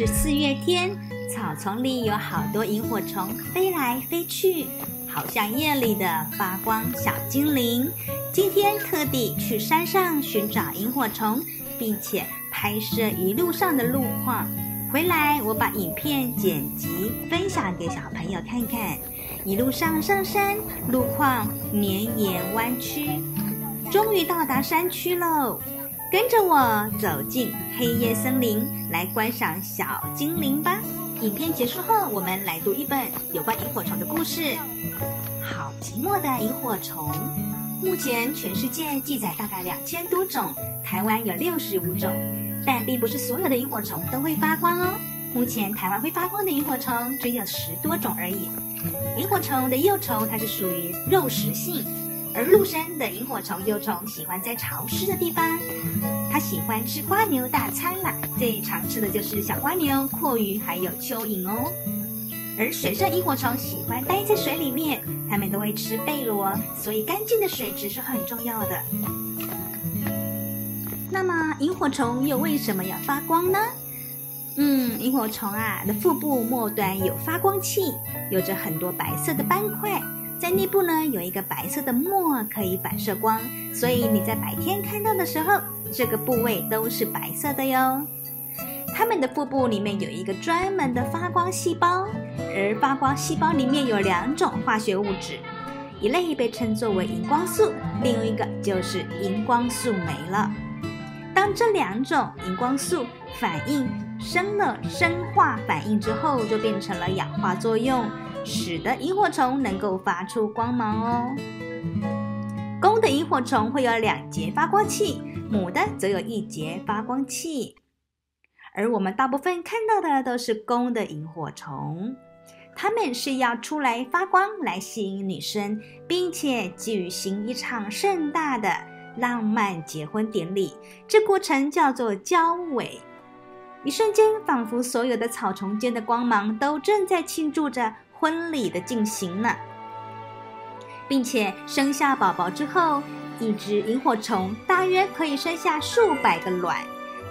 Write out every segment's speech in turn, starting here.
是四月天，草叢裡有好多螢火蟲飛來飛去，好像夜裡的發光小精靈。今天特地去山上尋找螢火蟲，並且拍攝一路上的路況。回來我把影片剪輯分享給小朋友看看。一路上上山，路況綿延彎曲，終於到達山區嘍。跟着我走進黑夜森林，來觀賞小精靈吧。影片結束後，我們來讀一本有關螢火蟲的故事。好寂寞的螢火蟲。目前全世界記載大概兩千多種，台灣有六十五種。但並不是所有的螢火蟲都會發光哦。目前台灣會發光的螢火蟲只有十多種而已。螢火蟲的幼蟲，它是屬於肉食性。而陸生的螢火蟲幼蟲喜歡在潮濕的地方，它喜歡吃蝸牛大餐啦，最常吃的就是小蝸牛、蛞蝓還有蚯蚓哦。而水生螢火蟲喜歡待在水裡面，它們都會吃貝螺，所以乾淨的水質是很重要的。那麼螢火蟲又為什麼要發光呢？嗯，螢火蟲啊的腹部末端有發光器，有着很多白色的斑塊。在內部呢，有一個白色的膜可以反射光，所以你在白天看到的時候，這個部位都是白色的喲。它們的腹部裡面有一個專門的發光細胞，而發光細胞裡面有兩種化學物質，一類被稱作為熒光素，另一個就是熒光素酶了。當這兩種熒光素反應生了生化反應之後，就變成了氧化作用。使得螢火蟲能夠發出光芒哦。公的螢火蟲會有兩節發光器，母的則有一節發光器。而我們大部分看到的都是公的螢火蟲，它們是要出來發光來吸引女生，並且舉行一場盛大的浪漫結婚典禮。這過程叫做交尾。一瞬間，仿佛所有的草叢間的光芒都正在慶祝着。婚禮的進行呢，並且生下寶寶之後，一隻螢火蟲大約可以生下數百個卵，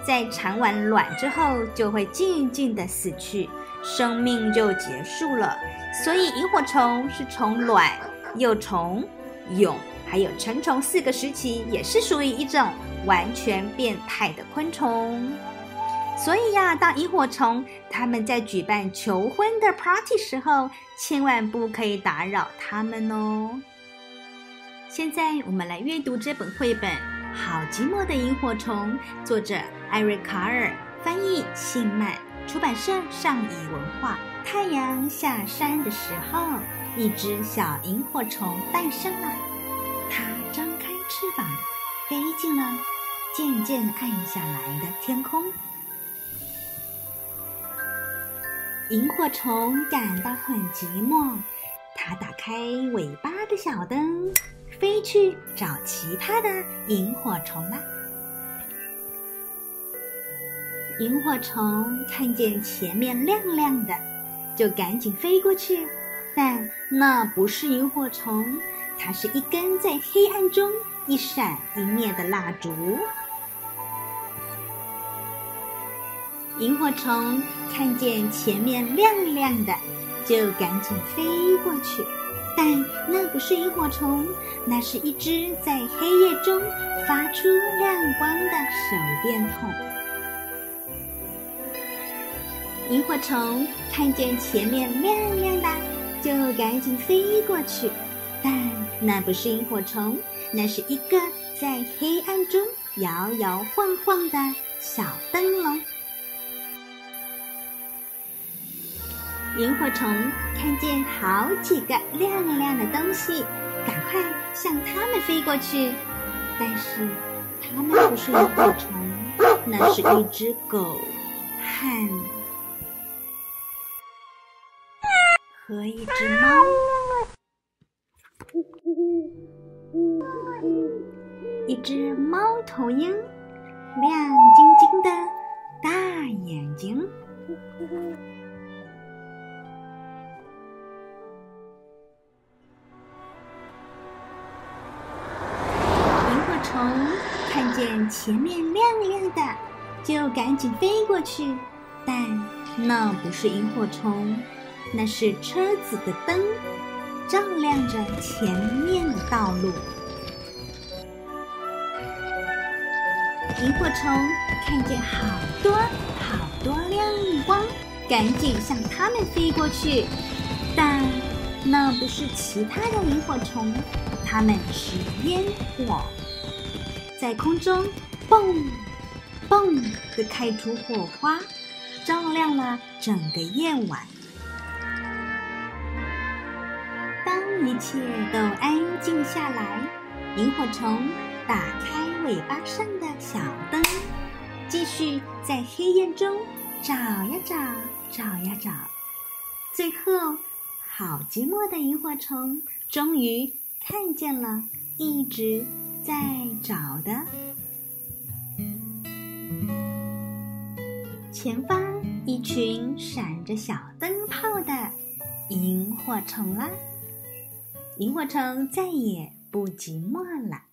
在產完卵之後就會靜靜地死去，生命就結束了。所以螢火蟲是從卵、幼蟲、蛹還有成蟲四個時期，也是屬於一種完全變態的昆蟲。所以呀、啊，當螢火蟲他們在舉辦求婚的 party 時候，千萬不可以打擾他們哦。現在我們來閱讀這本繪本《好寂寞的螢火蟲》，作者艾瑞卡爾，翻譯幸蔓，出版社上誼文化。太陽下山的時候，一只小螢火蟲誕生了，它張開翅膀，飛進了漸漸暗下來的天空。螢火蟲感到很寂寞，它打開尾巴的小燈，飛去找其他的螢火蟲了。螢火蟲看見前面亮亮的，就趕緊飛過去，但那不是螢火蟲，它是一根在黑暗中一閃一滅的蠟燭。螢火蟲看見前面亮亮的，就趕緊飛過去。但那不是螢火蟲，那是一隻在黑夜中發出亮光的手電筒。螢火蟲看見前面亮亮的，就趕緊飛過去。但那不是螢火蟲，那是一個在黑暗中搖搖晃晃的小燈籠。螢火蟲看見好幾個亮亮的東西，趕快向它們飛過去。但是它們不是螢火蟲，那是一隻狗，汗，和一隻貓，一隻貓頭鷹，亮晶晶的大眼睛。見前面亮亮的，就趕緊飛過去，但那不是螢火蟲，那是車子的燈，照亮着前面的道路。螢火蟲看見好多好多亮光，趕緊向它們飛過去，但那不是其他的螢火蟲，它們是煙火。在空中，蹦蹦的開出火花，照亮了整個夜晚。當一切都安靜下來，螢火蟲打開尾巴上的小燈，繼續在黑夜中找呀找，找呀找。最後，好寂寞的螢火蟲，終於看見了，一直在。找的前方一群閃着小燈泡的螢火蟲啦，螢火蟲再也不寂寞了。